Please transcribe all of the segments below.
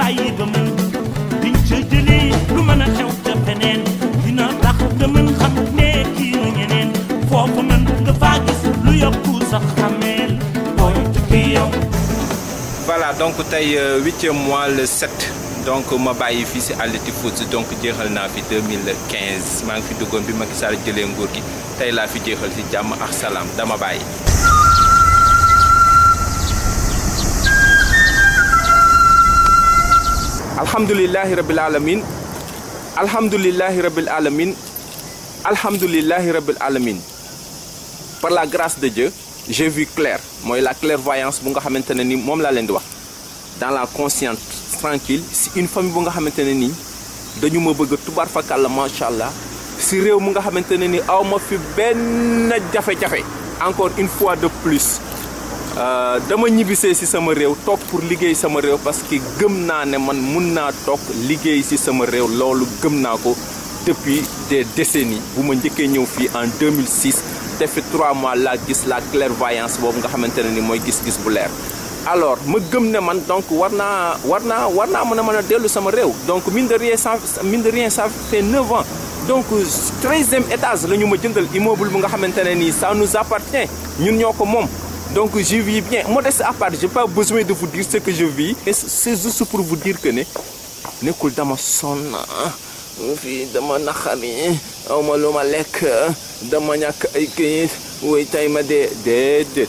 bàyyi ba mën diñ ca jëlee lu mën a xew ca feneen dina tax nga mën xam ne kii yu ñeneen foofu mën nga faa gis lu yokku sax xameel booy tukki yow. voilà donc tey euh, huitième mois le sept donc ma bàyyi fii si àll ti foot donc jeexal naa fi 2015 maa ngi fi duggoon bi Macky Sall jëlee nguur gi tey laa fi jeexal ci jàmm ak salaam dama bàyyi. alhamdulilahi rabil alamin alhamdulilahi rabil alamin alhamdulilahi rabil alamin par la grace de Dieu j'ai vu clair mooy la clairvoyance bu nga xamante ne ni moom laa leen di wax dans la conscience tranquille si une famille bu nga xamante ne nii dañu ma bëgg a tubaar fakàlla macha allah si réew mu nga xamante ne ni aw ma fi benn jafe-jafe encore une fois de plus Euh, dama ñibbisee si sama réew toog pour liggéey sama réew parce que gëm naa ne man mun naa toog liggéey si sama réew loolu gëm naa ko depuis des décennies bu ma njëkkee ñëw fii en 2006 te fi trois mois laa gis la clairvoyance boobu nga xamante ne ni mooy gis-gis bu leer. alors ma gëm ne man donc war naa war naa war naa mën a mën a dellu sama réew donc mine de rien ça mine de donc treizième étage la ñu ma jëndal immeuble bu nga xamante ne nii ça nous appartient ñun ñoo ko moom. donc je vis bien modeste à part j'ai pas besoin de vous dire ce que je pour vous diir que ne nekkul dama sonn fii dama naqari aw ma lu ma lekk dama ñàkk ay këyit woy tay ma dee déedéet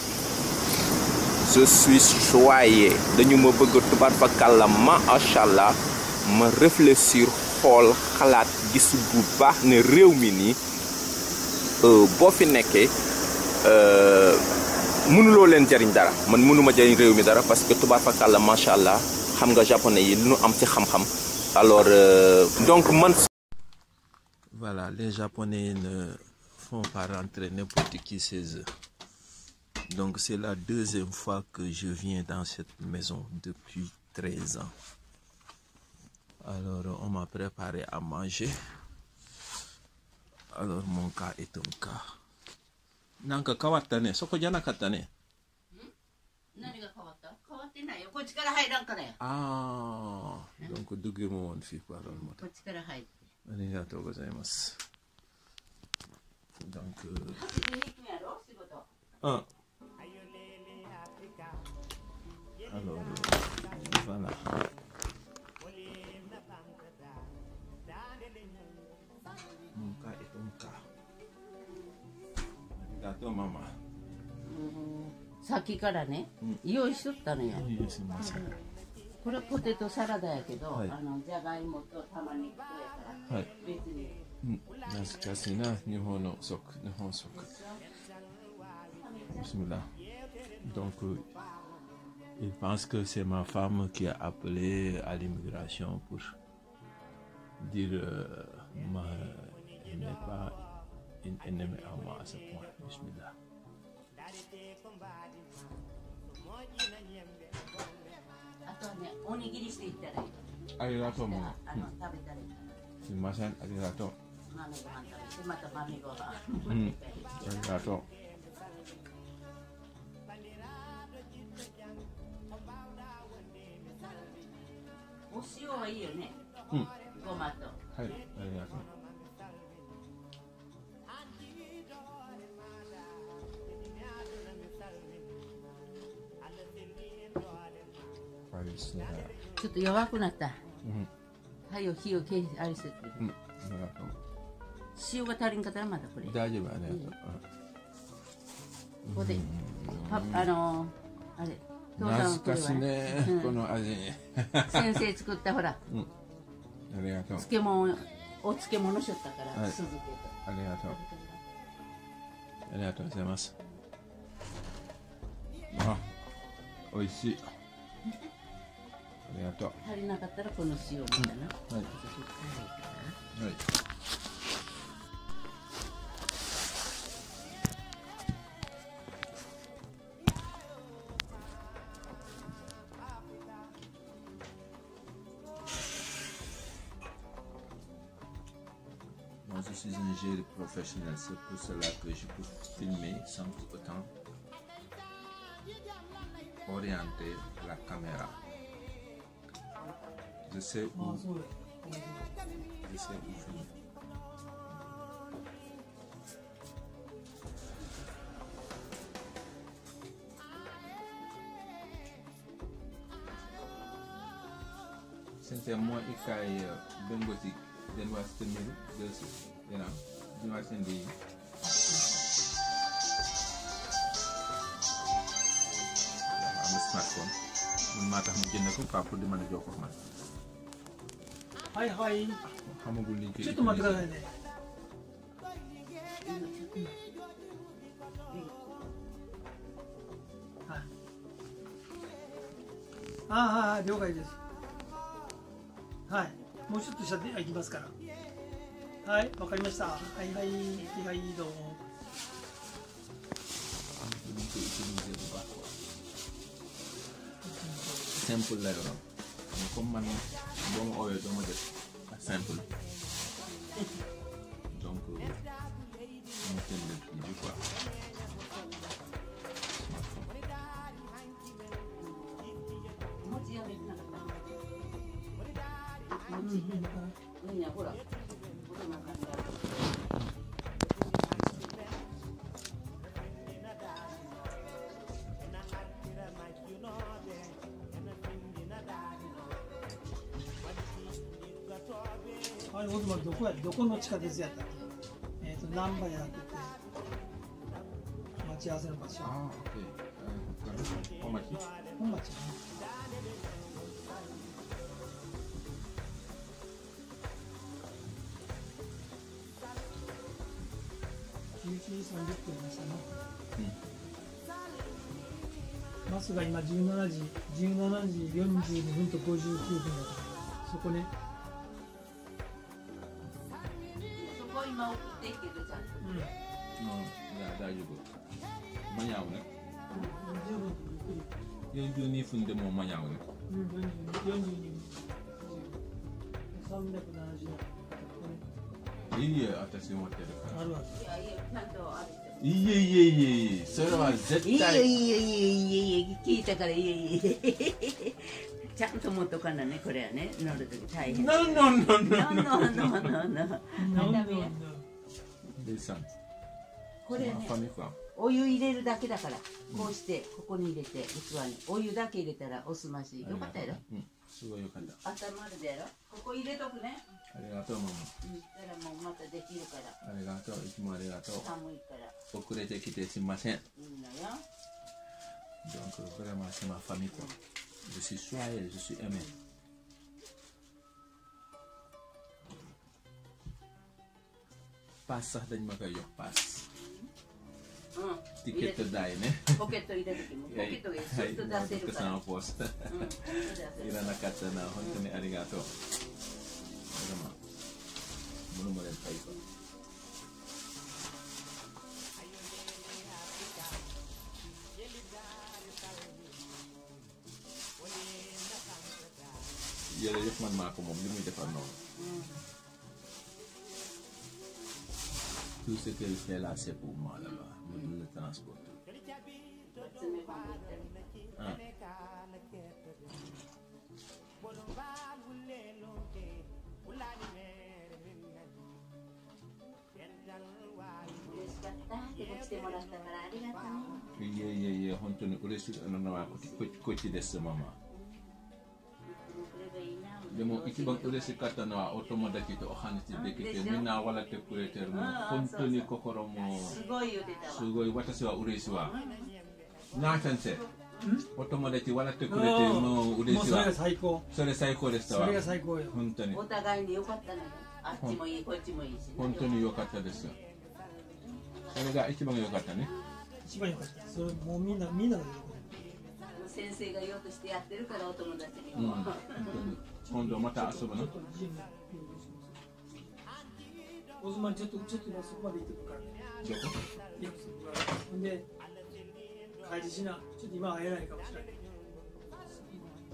je suis choyé dañu ma bëgg tubaab fa kàlla macha allah ma réfléchir xool xalaat gis bu baax ne réew mi nii euh, boo fi nekkee. Euh, mënuloo leen jariñ dara man mënuma jëriñ réew mi dara parce que tubaab fakal la macha allah xam nga japonais yi lu ñu am ci xam-xam alors euh, donc man. voilà les japonais ne font pas rentrer n'importe qui chez eux donc c'est la deuxième fois que je viens dans cette maison depuis 13 ans alors on m'a préparé à manger alors mon cas est un cas なんか変わったねそこじゃなかったね何が変わった変わってないよこっちから入らんからよああ donc d u g m o n fii pardon こっちから入ってありがとうございます donc あ alors voilà mon cas est un cas だとママ先からね、用意しとったのよ、これポテトサラダやけど、はい、あのじゃがいもと玉ねぎとやから、はい、別に、うん、懐かしいな日本の食日本食ビスミラ donc il pense que c'est ma femme qui a appelé à pour dire ma, elle n'est in ennemi avant à ce point bismillah Arigato tomo. Sumimasen, arigato. Mm-hmm. Arigato. Hmm. O 塩はいいよね。うん。ごまと。はい、ありがとう。ですねちょっと弱くなった、うん、はい火を消しあれしてうん、塩が足りんかったらまだこれ大丈夫やね、うん、ここで、パあのー、あれ懐かしね、うん、この味先生作ったほら、うん、ありがとう漬物お漬物しよったから、はい、続けてありがとうありがとうございますあ美味しいありがとう足りなかったらこの塩みたいな、うん、はい、はい je suis un ingénieur professionnel, c'est pour cela que je peux filmer sans autant orienter la caméra. Je sais où. Je sais où finir. Sen moins ikay den waa seen biir maa tax mu jënd ko papa di mën a jokkoo ak はいはいハモグリちょっと待ってくださいね、うんうんはい、ああ了解ですはいもうちょっと下で行きますからはいわかりましたはいはいはいはいどうもセンプルだよな。こんばんは。boo ma oowee doo ma jël simple. 今どこやどこの地下鉄やったっけえっ、ー、と難波やなくて待ち合わせの場所ああ、えー、本町本町かな11時30分でしたね、うん、バスが今17時17時42分と59分だからそこねを今送ってきてくれたんですうん、うん、いや大丈夫間に合うね42分でも間に合うねうん42分370円いいえ私持ってるからあるわいやいやちゃんとあるいえいえいえいえそれは絶対いいえいえいえいえいえ聞いたからいえいえちゃんと持っとかなねこれはね乗る時大変。No no no no no no no no。これねお湯入れるだけだからこうしてここに入れて器にお湯だけ入れたらおすましよかったやろ。すごいよかった。温まるでやろ。ここ入れとくね。ありがとうママ。うん。たらもうまたできるから。ありがとう。いつもありがとう。寒いから。遅れてきてすみません。いいのよ。Donc vraiment c'est ma famille quoi. Je suis choyé, je suis sax dañ ma koy jox paas. Ah, ticket daay ne. sama poste. Irana Katsana honte ne arigato. vraiment mënuma leen fay ko. yële yëpp man maa ko moom li muy defar noonu tout ce qu'elle fait là c'est pour moi là-bas mu dul le transport ah yeyeeye honto ne o ressude anannawa koti kocci des mama でも一番嬉しかったのはお友達とお話できてみんな笑ってくれてるの本当に心もすごい私は嬉しいわなあ先生お友達笑ってくれてもう嬉しいわそれ最高それ最高でしたわそれが最高よ本当にお互いに良かったねあっちもいいこっちもいいし本当に良かったですそれが一番良かったね一番良かったそれもうみんなみんなが良かった先生が言おうとしてやってるからお友達にも、うん on ɗo mata asuba no ousmane cettuɗo cettuɗo suba ɓe tibbu kar joko hunde kaji sina cettu ima a yerani kam sina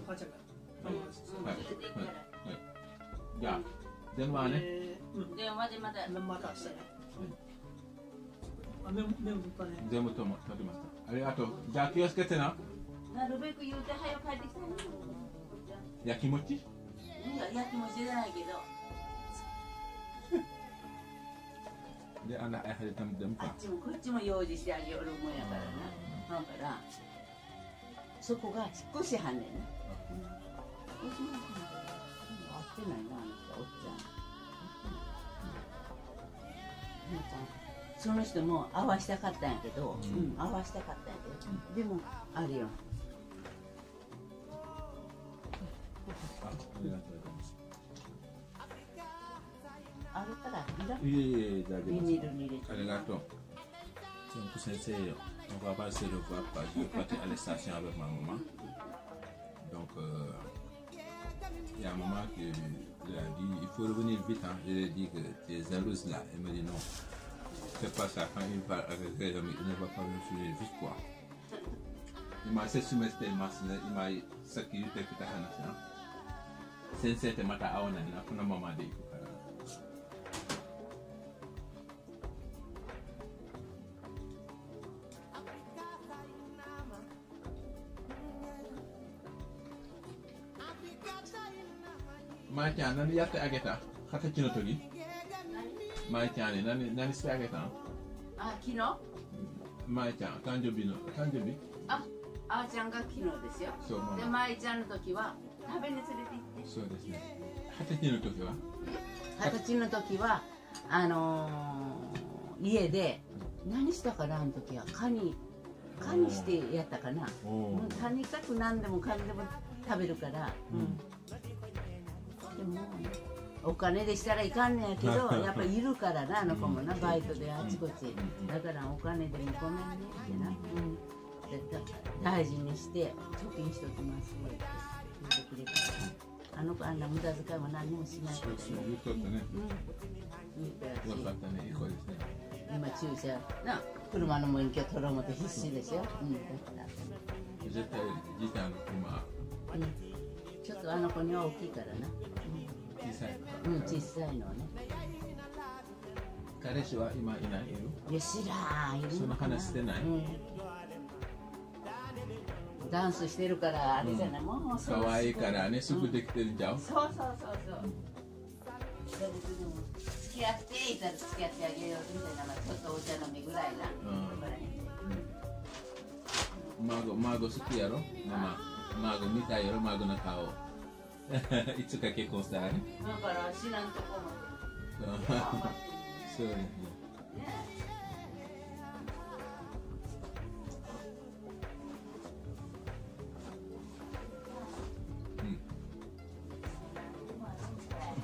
ha caka ja den mane nden er mata sana ndemo toma todimasta aɗa ato ja kiyosketena naɗo ɓe ko yewde hayo kadisani yakimotti やっても知らないけど。で、あんな、あっちもこっちも用事してあげよるもんやからな。だから、そこが引っ越しはんねんな。うん、引っ越しはんねん。会ってないな、あの人、おっちゃん。なんか、その人も合わしたかったんやけど、うん、合わしたかったんやけど、でも、あるよ。あれからいだけどありがとう C'est un poussin sérieux. On va pas se revoir parce que je vais partir à la station avec ma maman. Donc, euh, il y a un moment que je lui ai dit, il faut revenir vite. Hein. Je lui ai dit que tu es jalouse là. Elle me dit non. Fais pas ça. Quand il parle avec elle, il ne va pas me suivre. Juste quoi. Il m'a fait soumettre, il m'a sacrifié, il m'a sacrifié. Sen seete mata awana na kuna mamade iko karibu. Maa caan nani yatte ageta hata kino togi. Maa caan nani nani ste ageta. Ah Maa caan tanjobi no tanjobi. Ah ah ちゃんが昨日ですよ。そう。で、まいちゃんの時は。食べに連れて行ってそうですね二十歳の時は二十歳の時はあのー、家で何したかなあの時はカニカニしてやったかなもうカニかく何でもカニでも食べるから、うん、でもお金でしたらいかんねやけどやっぱいるからなあの子もなバイトであちこちだからお金でもごめんねってな、うん、大事にして貯金しときますって。くれるあの子あんな無駄遣いも何もしないそうそう言っとったねうん言ったらしいよかったねいい子ですね今注射な車の免許取ろうもて必死でしょうんだから絶対じいちゃんの車うんちょっとあの子には大きいからな、うん、小さいうん小さいのね彼氏は今いないいるいや知らんいるその話してない、うんダンスしてるからあれじゃない、うん、もう可愛いからねすぐできてるじゃん、うん、そうそうそうそう付き合っていたら付き合ってあげようみたいなちょっとお茶飲みぐらいな、うん、孫孫好きやろママ孫見たいやろ孫の顔いつか結婚したいだから知らんとこまでそうですね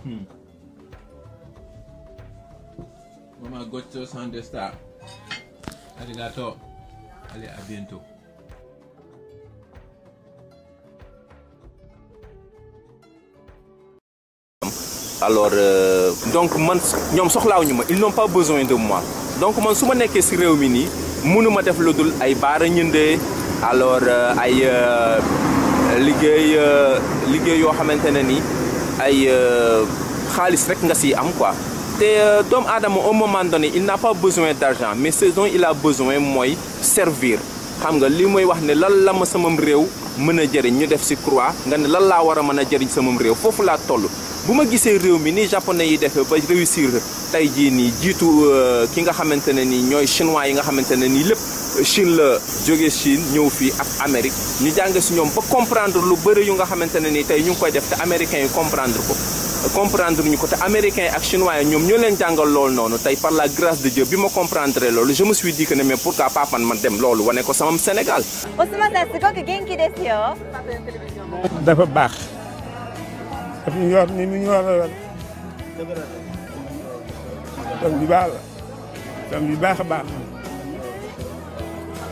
Hmm. Mama Gocho Sandesta. Arigato. Allez, à bientôt. alors euh, donc man ma su ma nekkee si réew mi nii mënuma def lu dul ay baara ñëndee alors euh, ay euh, liggéey yoo xamante ne nii ay euh, xaalis rek nga si am quoi te euh, doomu aadama au moment donné il n'a pas besoin d'argent mais saison dont il a besoin mooy servir xam nga li mooy wax ne lan la ma samam réew mën a jëriñ ñu def ci croix nga ne lan laa war a mën a jëriñ samam réew foofu laa toll bu ma gisee réew mi ni japonais yi defee ba réussir tey jii nii jiitu euh, ki nga xamante ne nii ñooy chinois yi nga xamante ne nii lépp Chine la jóge Chine ñëw fii ak Amérique ñu jàng si ñoom ba comprendre lu bëri yu nga xamante ne nii tey ñu ngi koy def te américains yi comprendre ko comprendre ñu ko te américains ak chinois yi ñoom ñoo leen jàngal loolu noonu tey par la grâce de Dieu bi ma comprendre loolu je me suis dit ne mais pour pas man ma dem loolu wane ko sama Sénégal. dafa baax. a yor. tam bi baax la. tam baax a baax.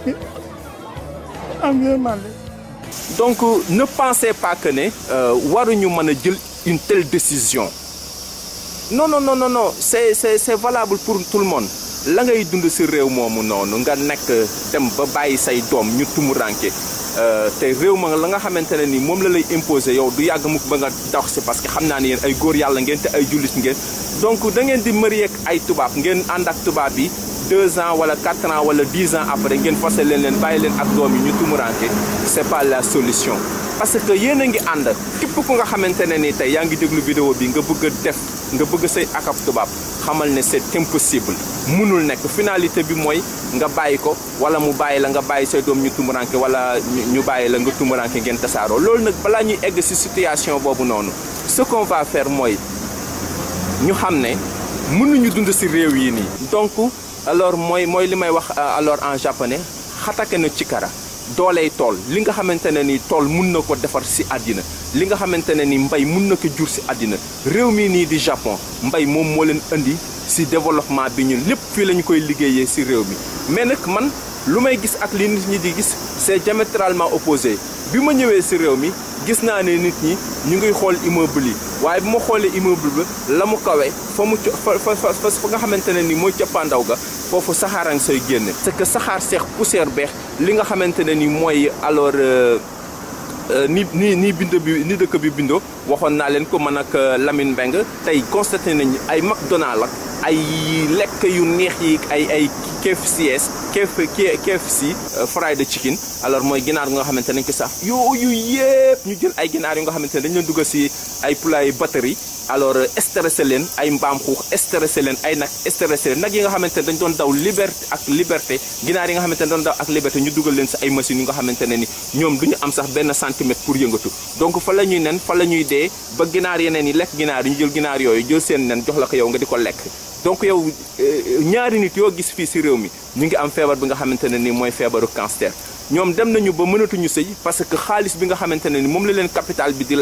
am donc ne pensez pas que ne euh, waruñu mën a jël une telle décision non non non non non c'est c'est c'est valable pour tout le monde la ngay dund si réew moomu noonu nga nekk dem ba bàyyi say doom ñu tumuranke euh, te réew ma la nga xamante ne ni moom la lay imposer yow du yàgg mukk ba nga dox si parce que xam naa ne yéen ay góor yàlla ngeen te ay jullit ngeen donc da ngeen di mëri ak ay tubaab ngeen ànd ak tubaab yi deux ans wala quatre ans wala dix ans après ngeen forcé leen leen bàyyi leen ak doom yi ñu tumurante c'est pas la solution parce que yéen a ngi ànd képp ko nga xamante ne nii tey yaa ngi déglu vidéo bi nga bëgg a def nga bëgg say akab tubaab xamal ne c'est impossible mënul nekk finalité bi mooy nga bàyyi ko wala mu bàyyi la nga bàyyi say doom ñu tumuranke wala ñu bàyyi la nga tumuranke ngeen tasaaroo loolu nag balaa ñuy egg ci situation boobu noonu ce qu'on faire mooy ñu xam ne mënuñu dund ci réew nii alors mooy mooy li may wax euh, alors en japonais xatake na ci kara dooley tool li nga xamante ne ni tool mun na ko defar si àddina li nga xamante ne ni mbay mun na ko jur si àddina réew mi nii di Japon mbay moom moo leen indi si développement bi ñun lépp fii la ñu koy liggéeyee si réew mi mais nag man lu may gis ak li nit ñi di gis c'est diamétralement opposé bi ma ñëwee si réew mi gis naa ne nit ñi ñu ngi xool immeuble yi waaye bu ma xoolee immeuble bi la mu kawe fa mu fa fa fa nga xamante ne nii mooy cappaandaw ga foofu saxaarang say génn c'est que saxaar seex poussière beex li nga xamante ne nii mooy alors euh, Euh, ni ni ni bind bi ni dëkk bi bindoo waxoon naa leen ko man ak euh, Lamine Mbengue tey constaté nañ ay McDonald ak ay lekk yu neex yi ay ay KFCS KFC euh, fried chicken alors mooy ginaar nga xamante ne dañ ko sax yooyu yëpp ñu jël ay ginaar yu nga xamante ne dañ leen dugal si ay poulailler batterie alors euh, stressé leen ay mbaam xuux stressé leen ay nag stressé leen nag yi nga xamante ne dañ doon daw liberté ak liberté ginaar yi nga xamante ne doon daw ak liberté ñu dugal leen si ay machines yu nga xamante ne ni ñoom du ñu am sax benn centimètre pour yëngatu donc fa la ñuy nen fa la ñuy dee ba ginaar yeneen yi lekk ginaar yi ñu jël ginaar yooyu jël seen nen jox la ko yow nga di ko lekk donc yow euh, ñaari nit yoo gis fii si réew mi ñu ngi am feebar bi nga xamante ne ni mooy feebaru cancer ñoom dem nañu ba mënatuñu sëy parce que xaalis bi nga xamante ne ni moom la leen capital bi di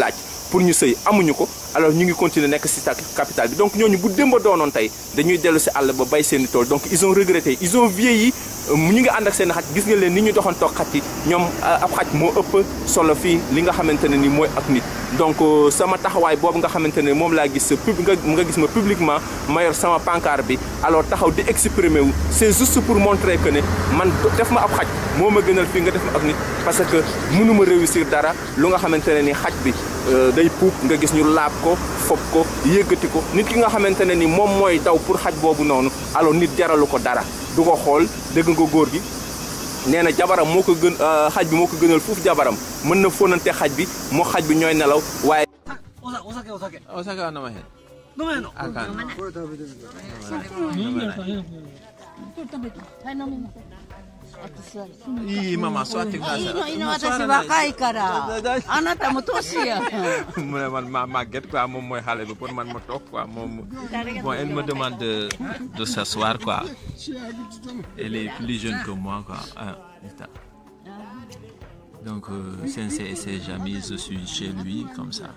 pour ñu sëy amuñu ko alors ñu ngi continuer nekk si capital bi donc ñooñu bu démb doonoon tey dañuy dellu si àll ba bay seen tool donc ils ont regretté ils ont vieilli euh, ñu ngi ànd ak seen xaj gis nga leen ni ñu doxoon toog xaj yi ñoom euh, ab moo ëpp solo fii li nga xamante ne ni mooy ak nit donc euh, sama taxawaay boobu nga xamante ne moom laa gis pub nga gis ma publiquement ma yor sama pancarte bi alors taxaw di exprimer wu c'est juste pour montrer que ne man def ma ab xaj moo ma gënal fii nga def ma ak nit parce que mënuma réussir dara lu nga xamante ne ni xaj bi day puub nga gis ñu laab ko fob ko yëkkati ko nit ki nga xamante ne ni moom mooy daw pour xaj boobu noonu alors nit jaralu ko dara du ko xool dëgg nga góor gi nee na jabaram moo ko gën xaj bi moo ko gënal fuuf jabaram mën na fóonante xaj bi mu xaj bi ñooy nelaw waaye. o いいママ座ってくださいいいのいいの私若いからあなたも年やもうまあまあゲットはもうもう晴れるこれまでもとこはもうもう elle me demande de, de s'asseoir quoi elle est plus jeune que moi quoi ah, donc euh, Sensei et ses amis je suis chez lui comme ça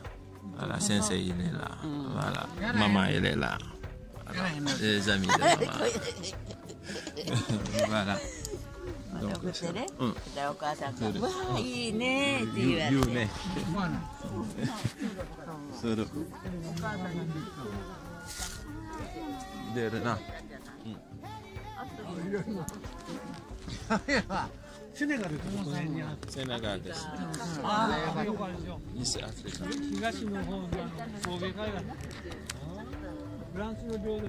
voilà Sensei il est là voilà maman elle est là voilà les amis de maman voilà と送ってね、うん、お母さんが「わあいいね」って言われて言うねする出るなあれはセネガルってこの辺にあってセネガルですああよかですよ西アフリカ東の方が草原海岸フランスの領土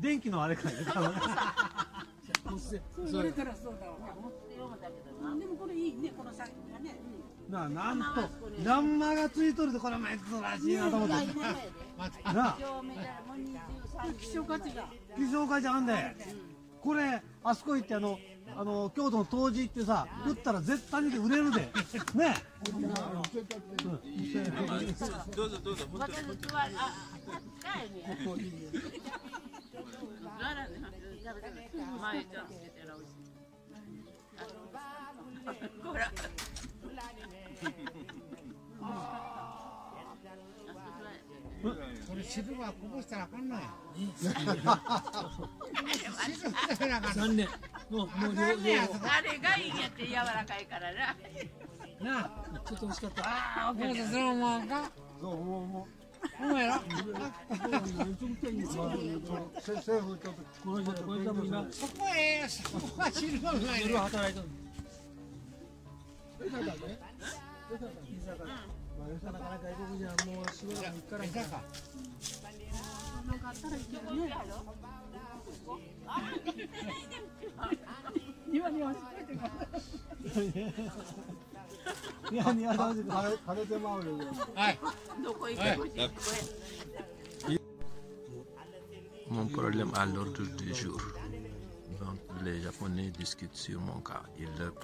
電気のあれかいね。そう言れたらそうだわ。持ってようだけどな。でもこれいいね、このサイズがね。なあ、なんと、ランマがついとるで、これも珍しいなと思って。なあ。希少価値が。希少価値あんで。これ、あそこ行って、あの、あの、京都の当時行ってさ、売ったら絶対に売れるで。ね。どうぞどうぞ。私は、あ、あ、 우리 집에 와 보고 살아갔나? 네. 뭐, 뭐, 뭐, 아래가 이게 야바라카이 까라라. 나, 좀 웃겼다. 아, 그래서 그런 건가? 뭐, 뭐, 뭐. không hề đó không hề quá chín luôn này 이만이 왔을 때宮宮さんしか枯れてまうよ。はい。残り Mon problème à l'ordre du jour. Donc, les Japonais discutent sur mon cas. Il leur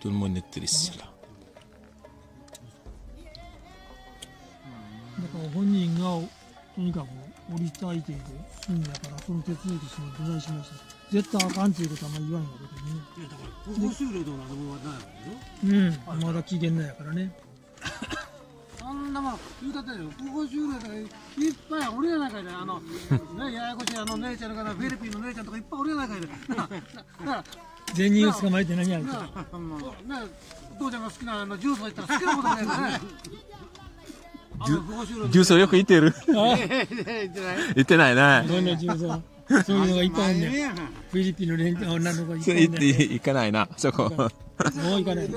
tout le monde est triste là. そんなもん言うたってここ中でいっぱいおるやないかいねあのねややこしいあの姉ちゃんからフィリピンの姉ちゃんとかいっぱいおるやないかいねだから全人を捕まえて何やるかね父ちゃんが好きなあのジュースがいったら好きなことないからねジュジュースをよく言ってる言ってないねどんなジュースそういうのがいっぱいあるねフィリピンの連中女の子がいっぱいあるね行かないなそこもう行かない